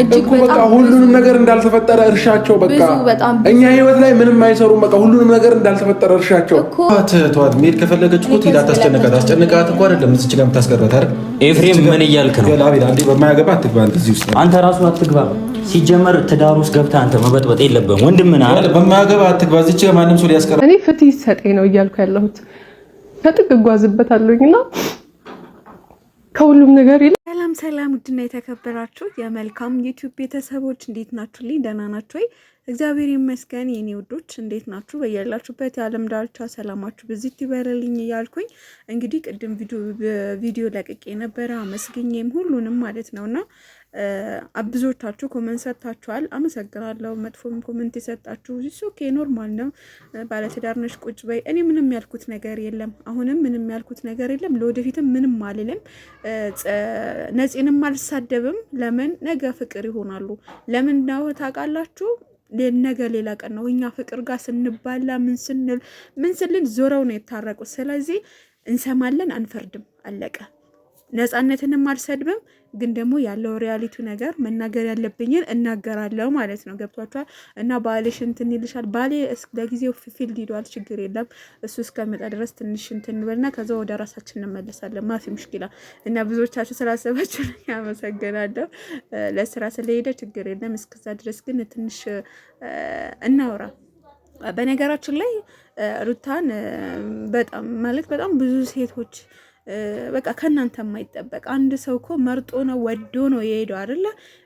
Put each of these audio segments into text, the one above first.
እጅግ በቃ ሁሉንም ነገር እንዳልተፈጠረ እርሻቸው በቃ እኛ ህይወት ላይ ምንም አይሰሩም። በቃ ሁሉንም ነገር እንዳልተፈጠረ እርሻቸው ተዋት። መሄድ ከፈለገች እኮ ትሄዳ ታስጨንቃት። አስጨንቃት እኮ አይደለም እዚህ ጋር የምታስቀረት አይደል? ኤፍሬም ምን እያልክ ነው? በማያገባ አትግባ። እዚህ ውስጥ አንተ ራሱ አትግባ። ሲጀመር ትዳር ውስጥ ገብተህ አንተ መበጥበጥ የለብህም ወንድም። በማያገባ አትግባ። እዚህ ጋር ማንም ሰው ሊያስቀር እኔ ፍትህ ይሰጠኝ ነው እያልኩ ያለሁት። ፈጥቅ እጓዝበታለሁኝና ከሁሉም ነገር ሰላም ሰላም፣ ውድና የተከበራችሁ የመልካም ዩቲዩብ ቤተሰቦች እንዴት ናችሁ? ልኝ ደህና ናችሁ ወይ? እግዚአብሔር ይመስገን የኔ ውዶች፣ እንዴት ናችሁ? በያላችሁበት የዓለም ዳርቻ ሰላማችሁ ብዚት ይበረልኝ እያልኩኝ እንግዲህ ቅድም ቪዲዮ ለቅቄ የነበረ አመስግኝም ሁሉንም ማለት ነው ነውና አብዞቻችሁ ኮመንት ሰጥታችኋል። አመሰግናለሁ። መጥፎም ኮመንት የሰጣችሁ ኦኬ፣ ኖርማል ነው። ባለትዳር ነሽ ቁጭ በይ። እኔ ምንም ያልኩት ነገር የለም። አሁንም ምንም ያልኩት ነገር የለም። ለወደፊትም ምንም አልልም። ነፂንም አልሳደብም። ለምን ነገ ፍቅር ይሆናሉ። ለምን ነው ታውቃላችሁ? ነገ ሌላ ቀን ነው። እኛ ፍቅር ጋር ስንባላ ምን ስንል ምን ስልን ዞረው ነው የታረቁት። ስለዚህ እንሰማለን፣ አንፈርድም። አለቀ። ነፃነትንም አልሰድብም ግን ደግሞ ያለው ሪያሊቲ ነገር መናገር ያለብኝን እናገራለሁ ማለት ነው። ገብቷችኋል? እና ባልሽ እንትን ይልሻል። ባሌ ለጊዜው ፊልድ ሂዷል፣ ችግር የለም እሱ እስከመጣ ድረስ ትንሽ እንትን እንበልና ከዛ ወደ ራሳችን እንመለሳለን። ማፊ ሙሽኪላ እና ብዙዎቻችሁ ስላሰባችሁ ያመሰግናለሁ። ለስራ ስለሄደ ችግር የለም። እስከዛ ድረስ ግን ትንሽ እናውራ። በነገራችን ላይ ሩታን በጣም ማለት በጣም ብዙ ሴቶች በቃ ከእናንተ የማይጠበቅ አንድ ሰው እኮ መርጦ ነው ወዶ ነው የሄደው አደለ?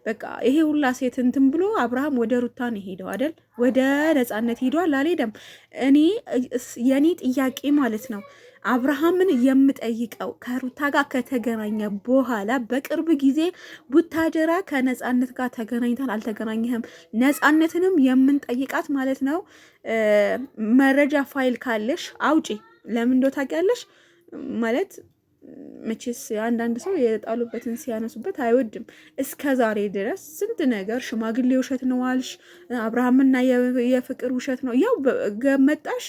በቃ ይሄ ሁላ ሴት እንትን ብሎ አብርሃም ወደ ሩታ ነው የሄደው አይደል? ወደ ነፃነት ሄዷል አልሄደም? እኔ የእኔ ጥያቄ ማለት ነው አብርሃምን የምጠይቀው ከሩታ ጋር ከተገናኘ በኋላ በቅርብ ጊዜ ቡታጀራ ከነፃነት ጋር ተገናኝታል አልተገናኘህም? ነፃነትንም የምንጠይቃት ማለት ነው መረጃ ፋይል ካለሽ አውጪ። ለምን ዶ ታውቂያለሽ? ማለት መቼስ አንዳንድ ሰው የጣሉበትን ሲያነሱበት አይወድም። እስከ ዛሬ ድረስ ስንት ነገር ሽማግሌ ውሸት ነው አልሽ፣ አብርሃምና የፍቅር ውሸት ነው ያው ገመጣሽ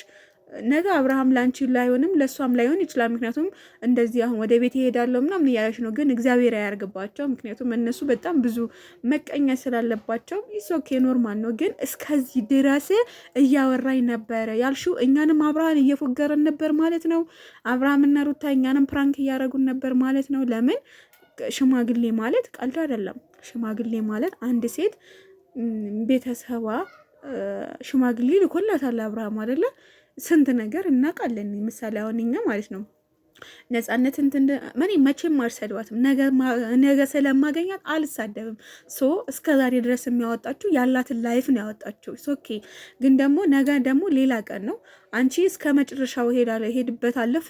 ነገ አብርሃም ላንቺ ላይሆንም ለእሷም ላይሆን ይችላል። ምክንያቱም እንደዚህ አሁን ወደ ቤት ይሄዳለሁ ምናምን እያለች ነው። ግን እግዚአብሔር አያርግባቸው። ምክንያቱም እነሱ በጣም ብዙ መቀኛ ስላለባቸው ኢሶኬ ኖርማል ነው። ግን እስከዚህ ድረስ እያወራኝ ነበረ ያልሹ፣ እኛንም አብርሃን እየፎገረን ነበር ማለት ነው። አብርሃምና ሩታ እኛንም ፕራንክ እያደረጉን ነበር ማለት ነው። ለምን ሽማግሌ ማለት ቀልድ አይደለም። ሽማግሌ ማለት አንድ ሴት ቤተሰባ ሽማግሌ ልኮላታል አብርሃም አይደለም ስንት ነገር እናውቃለን። ምሳሌ አሁን እኛ ማለት ነው ነጻነት እንትን እኔ መቼም አልሰድባትም፣ ነገ ስለማገኛት አልሳደብም። ሶ እስከ ዛሬ ድረስ የሚያወጣችው ያላትን ላይፍ ነው ያወጣችው። ኦኬ ግን ደግሞ ነገ ደግሞ ሌላ ቀን ነው። አንቺ እስከ መጨረሻው ሄድበታለሁ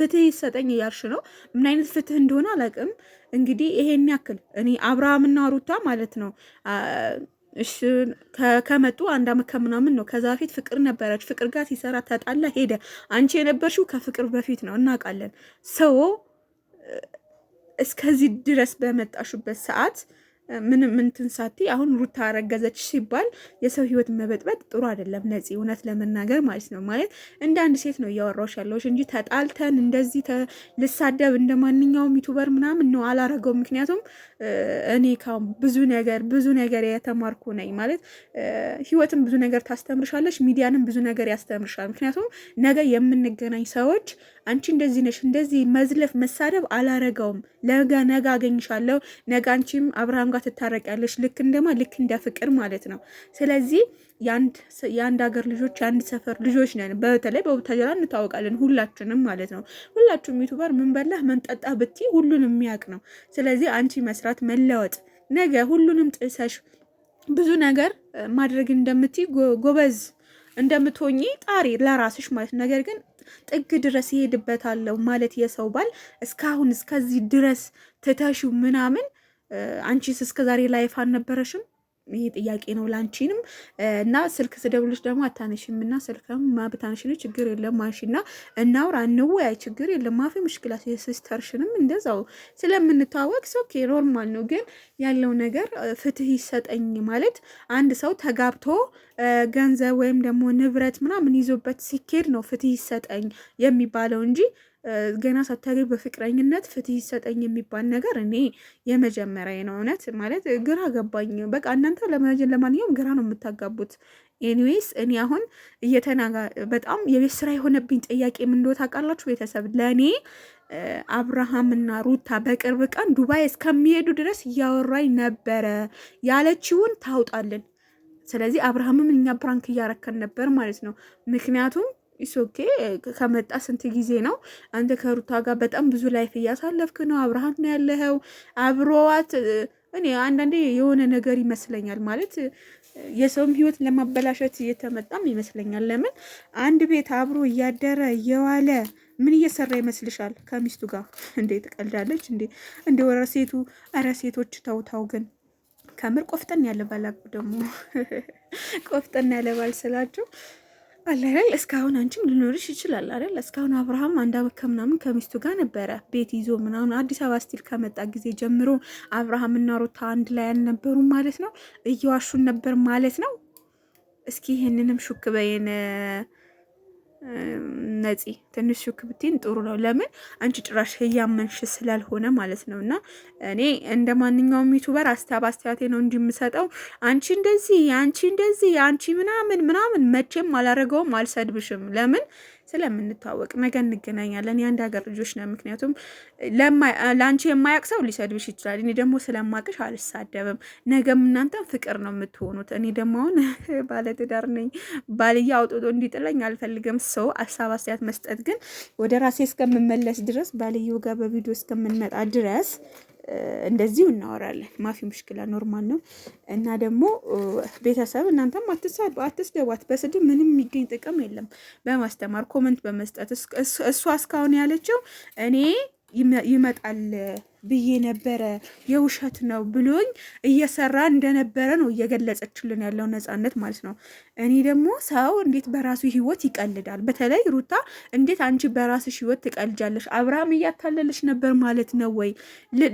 ፍትህ ይሰጠኝ እያልሽ ነው። ምን አይነት ፍትህ እንደሆነ አላውቅም። እንግዲህ ይሄን ያክል እኔ አብርሃምና ሩታ ማለት ነው ከመጡ አንድ አመት ከምናምን ነው። ከዛ በፊት ፍቅር ነበረች። ፍቅር ጋር ሲሰራ ተጣላ ሄደ። አንቺ የነበርሽው ከፍቅር በፊት ነው እናውቃለን። ሰው እስከዚህ ድረስ በመጣሹበት ሰዓት ምንም እንትን ሳቲ አሁን ሩታ ረገዘች ሲባል የሰው ህይወት መበጥበጥ ጥሩ አይደለም። ነፂ እውነት ለመናገር ማለት ነው ማለት እንደ አንድ ሴት ነው እያወራሁሽ ያለሁሽ እንጂ ተጣልተን እንደዚህ ልሳደብ እንደ ማንኛውም ዩቱበር ምናምን ነው አላረገው። ምክንያቱም እኔ ብዙ ነገር ብዙ ነገር የተማርኩ ነኝ ማለት ህይወትም ብዙ ነገር ታስተምርሻለች፣ ሚዲያንም ብዙ ነገር ያስተምርሻል። ምክንያቱም ነገ የምንገናኝ ሰዎች አንቺ እንደዚህ ነሽ፣ እንደዚህ መዝለፍ መሳደብ አላረገውም። ነገ ነገ አገኝሻለሁ፣ ነገ አንቺም አብርሃም ጋር ትታረቂያለሽ። ልክ እንደማ ልክ እንደ ፍቅር ማለት ነው። ስለዚህ የአንድ ሀገር ልጆች የአንድ ሰፈር ልጆች ነን። በተለይ በቡታጀራ እንታወቃለን ሁላችንም ማለት ነው። ሁላችሁም ዩቱበር ምን በላህ ምን ጠጣ ብቲ ሁሉንም የሚያውቅ ነው። ስለዚህ አንቺ መስራት መለወጥ ነገ ሁሉንም ጥሰሽ ብዙ ነገር ማድረግ እንደምትይ ጎበዝ እንደምትሆኚ ጣሪ ለራስሽ ማለት ነገር ግን ጥግ ድረስ ይሄድበታለሁ ማለት የሰው ባል እስካሁን እስከዚህ ድረስ ትተሹ ምናምን አንቺስ እስከዛሬ ላይፍ አልነበረሽም? ይሄ ጥያቄ ነው ላንቺንም እና ስልክ ስደውልሽ ደግሞ አታነሽም እና ስልክም ነው ችግር የለም አንሺና እናውራ እንወያይ ችግር የለም ማፊ ምሽክላ የሲስተርሽንም እንደዛው ስለምንታወቅ ሶኬ ኖርማል ነው ግን ያለው ነገር ፍትህ ይሰጠኝ ማለት አንድ ሰው ተጋብቶ ገንዘብ ወይም ደግሞ ንብረት ምናምን ይዞበት ሲኬድ ነው ፍትህ ይሰጠኝ የሚባለው እንጂ ገና ሳታገቢ በፍቅረኝነት ፍትህ ይሰጠኝ የሚባል ነገር እኔ የመጀመሪያ ነው። እውነት ማለት ግራ ገባኝ። በቃ እናንተ ለማንኛውም ግራ ነው የምታጋቡት። ኤኒዌይስ እኔ አሁን እየተናጋ በጣም የቤት ስራ የሆነብኝ ጥያቄ ምን አውቃላችሁ ቤተሰብ ለእኔ አብርሃምና ሩታ በቅርብ ቀን ዱባይ እስከሚሄዱ ድረስ እያወራኝ ነበረ። ያለችውን ታውጣልን። ስለዚህ አብርሃምም እኛ ብራንክ እያረከን ነበር ማለት ነው ምክንያቱም ኢሶኬ ከመጣ ስንት ጊዜ ነው? አንተ ከሩታ ጋር በጣም ብዙ ላይፍ እያሳለፍክ ነው፣ አብረሃት ነው ያለኸው አብሮዋት። እኔ አንዳንዴ የሆነ ነገር ይመስለኛል ማለት የሰውም ህይወት ለማበላሸት እየተመጣም ይመስለኛል። ለምን አንድ ቤት አብሮ እያደረ እየዋለ ምን እየሰራ ይመስልሻል? ከሚስቱ ጋር እንዴ ትቀልዳለች እንዴ? እንዴ ወረ ሴቱ ኧረ ሴቶች ተውታው ግን ከምር ቆፍጠን ያለ ደግሞ ቆፍጠን ያለ ባል ስላቸው አለ አይደል እስካሁን አንቺም ልኖርሽ ይችላል አይደል እስካሁን አብርሃም አንድ ዓመት ከምናምን ከሚስቱ ጋር ነበረ ቤት ይዞ ምናምን አዲስ አበባ ስቲል ከመጣ ጊዜ ጀምሮ አብርሃም እና ሩታ አንድ ላይ አልነበሩም ማለት ነው እየዋሹን ነበር ማለት ነው እስኪ ይሄንንም ሹክ በይን ነፂ ትንሽ ሹክ ብትይን ጥሩ ነው። ለምን አንቺ ጭራሽ እያመንሽ ስላልሆነ ማለት ነው። እና እኔ እንደ ማንኛውም ዩቱበር አስታብ አስተያቴ ነው እንጂ የምሰጠው አንቺ እንደዚህ አንቺ እንደዚህ አንቺ ምናምን ምናምን መቼም አላረገውም፣ አልሰድብሽም። ለምን ስለምንተዋወቅ ነገ እንገናኛለን። የአንድ ሀገር ልጆች ነው። ምክንያቱም ለአንቺ የማያቅ ሰው ሊሰድብሽ ይችላል። እኔ ደግሞ ስለማቅሽ አልሳደብም። ነገም እናንተም ፍቅር ነው የምትሆኑት። እኔ ደግሞ አሁን ባለትዳር ነኝ። ባልያ አውጥቶ እንዲጥለኝ አልፈልግም። ሰው ሀሳብ አስተያየት መስጠት ግን ወደ ራሴ እስከምመለስ ድረስ ባልየው ጋር በቪዲዮ እስከምንመጣ ድረስ እንደዚሁ እናወራለን። ማፊ ሙሽክላ ኖርማል ነው። እና ደግሞ ቤተሰብ እናንተም አትስደቧት። በስድብ ምንም የሚገኝ ጥቅም የለም። በማስተማር ኮመንት በመስጠት እሷ እስካሁን ያለችው እኔ ይመጣል ብዬ ነበረ የውሸት ነው ብሎኝ እየሰራ እንደነበረ ነው እየገለጸችልን ያለው ነፃነት ማለት ነው። እኔ ደግሞ ሰው እንዴት በራሱ ህይወት ይቀልዳል? በተለይ ሩታ እንዴት አንቺ በራስሽ ህይወት ትቀልጃለሽ? አብርሃም እያታለለች ነበር ማለት ነው ወይ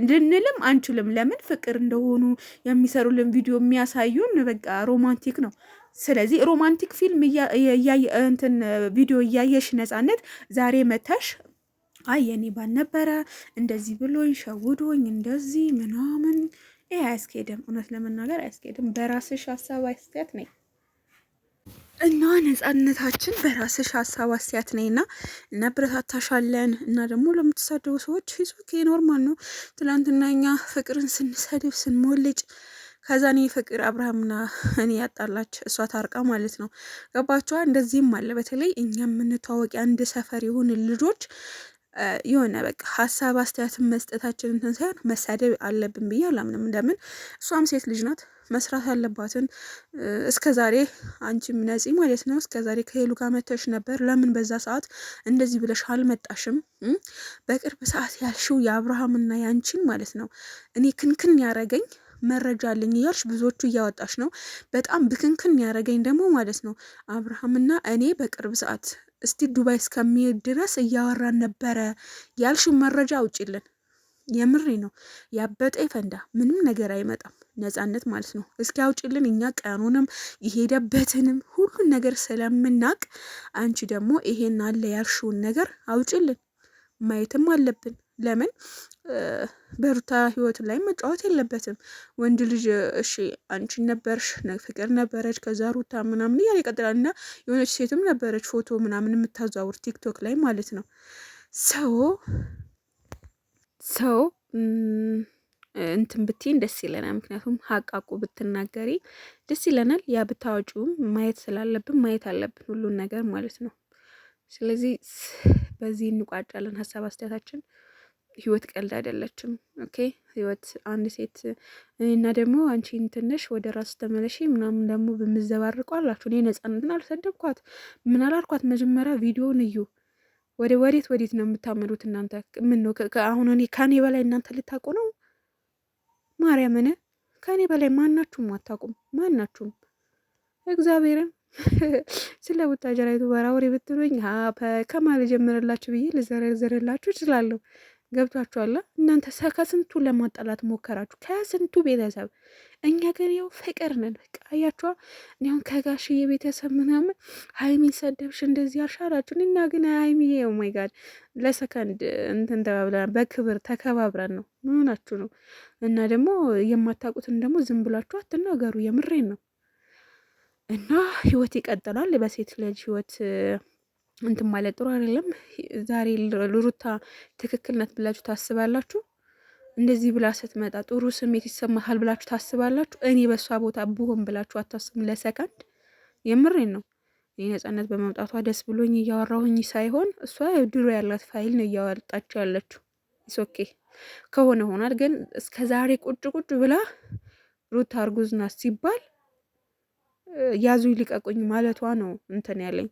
ልንልም አንችልም። ለምን ፍቅር እንደሆኑ የሚሰሩልን ቪዲዮ የሚያሳዩን በቃ ሮማንቲክ ነው። ስለዚህ ሮማንቲክ ፊልም እንትን ቪዲዮ እያየሽ ነፃነት ዛሬ መተሽ አይ የኔ ባል ነበረ እንደዚህ ብሎኝ ሸውዶኝ እንደዚህ ምናምን። ይሄ አያስኬድም፣ እውነት ለመናገር አያስኬድም። በራስሽ ሀሳብ አስተያየት ነኝ እና ነጻነታችን በራስሽ ሀሳብ አስተያየት ነኝ እና እናበረታታሻለን። እና ደግሞ ለምትሳደቡ ሰዎች ኦኬ ኖርማል ነው። ትናንትና እኛ ፍቅርን ስንሰድብ ስንሞልጭ ከዛ እኔ ፍቅር አብርሃምና እኔ ያጣላች እሷ ታርቃ ማለት ነው። ገባችኋ? እንደዚህም አለ። በተለይ እኛ የምንተዋወቅ አንድ ሰፈር የሆን ልጆች የሆነ በቃ ሀሳብ አስተያየትን መስጠታችን እንትን ሳይሆን መሳደብ አለብን ብዬ አላምንም። እንደምን እሷም ሴት ልጅ ናት መስራት አለባትን። እስከ ዛሬ አንቺም ነፂ ማለት ነው እስከ ዛሬ ከሄሉ ጋር መተሽ ነበር። ለምን በዛ ሰዓት እንደዚህ ብለሽ አልመጣሽም? በቅርብ ሰዓት ያልሽው የአብርሃምና ያንቺን ማለት ነው እኔ ክንክን ያረገኝ መረጃ አለኝ እያልሽ ብዙዎቹ እያወጣሽ ነው። በጣም ብክንክን ያረገኝ ደግሞ ማለት ነው አብርሃምና እኔ በቅርብ ሰዓት እስቲ ዱባይ እስከሚሄድ ድረስ እያወራን ነበረ ያልሽው መረጃ አውጪልን። የምሬ ነው ያበጠ ፈንዳ ምንም ነገር አይመጣም። ነጻነት ማለት ነው። እስኪ አውጪልን። እኛ ቀኑንም የሄደበትንም ሁሉን ነገር ስለምናቅ፣ አንቺ ደግሞ ይሄን አለ ያልሽውን ነገር አውጪልን፣ ማየትም አለብን። ለምን በሩታ ህይወት ላይ መጫወት የለበትም። ወንድ ልጅ እሺ አንቺን ነበርሽ ፍቅር ነበረች፣ ከዛ ሩታ ምናምን እያለ ይቀጥላል። እና የሆነች ሴትም ነበረች ፎቶ ምናምን የምታዛውር ቲክቶክ ላይ ማለት ነው። ሰው ሰው እንትን ብትይን ደስ ይለናል። ምክንያቱም ሀቃቁ ብትናገሪ ደስ ይለናል። ያ ብታወጪውም ማየት ስላለብን ማየት አለብን ሁሉን ነገር ማለት ነው። ስለዚህ በዚህ እንቋጫለን ሀሳብ አስተያየታችን ህይወት ቀልድ አይደለችም። ኦኬ ህይወት አንድ ሴት እኔና ደግሞ አንቺን ትንሽ ወደ ራሱ ተመለሽ ምናምን ደግሞ በምዘባርቁ አላችሁ። እኔ ነጻነትን አልሰደብኳት፣ ምን አላልኳት። መጀመሪያ ቪዲዮን እዩ። ወደ ወዴት ወዴት ነው የምታመሩት እናንተ? ምን ነው አሁን እኔ ከኔ በላይ እናንተ ልታውቁ ነው? ማርያምን ከኔ በላይ ማናችሁም አታውቁም፣ ማናችሁም እግዚአብሔርን ስለ ቡታጀራይቱ በራውሬ ብትሉኝ ከማ ልጀምርላችሁ ብዬ ልዘረዝርላችሁ እችላለሁ። ገብቷችኋል። እናንተ ከስንቱ ለማጣላት ሞከራችሁ፣ ከስንቱ ቤተሰብ። እኛ ግን ያው ፍቅር ነን። በቃ አያችኋ። እኔ ከጋሽዬ ቤተሰብ ምናምን ሀይሚ ሰደብሽ እንደዚህ አሻራችሁ። እና ግን ሀይሚ ማይጋድ ለሰከንድ እንትን ተባብለናል። በክብር ተከባብረን ነው። ምናችሁ ነው። እና ደግሞ የማታውቁትን ደግሞ ዝም ብላችሁ አትናገሩ። የምሬን ነው። እና ህይወት ይቀጥላል። በሴት ልጅ ህይወት እንትን ማለት ጥሩ አይደለም። ዛሬ ሩታ ትክክል ናት ብላችሁ ታስባላችሁ? እንደዚህ ብላ ስትመጣ ጥሩ ስሜት ይሰማታል ብላችሁ ታስባላችሁ? እኔ በእሷ ቦታ ብሆን ብላችሁ አታስቡም ለሰከንድ። የምሬን ነው። እኔ ነጻነት በመምጣቷ ደስ ብሎኝ እያወራሁኝ ሳይሆን እሷ ድሮ ያላት ፋይል ነው እያወጣችው ያለችው። ኦኬ ከሆነ ሆናል። ግን እስከ ዛሬ ቁጭ ቁጭ ብላ ሩታ እርጉዝ ናት ሲባል ያዙ ይልቀቁኝ ማለቷ ነው እንትን ያለኝ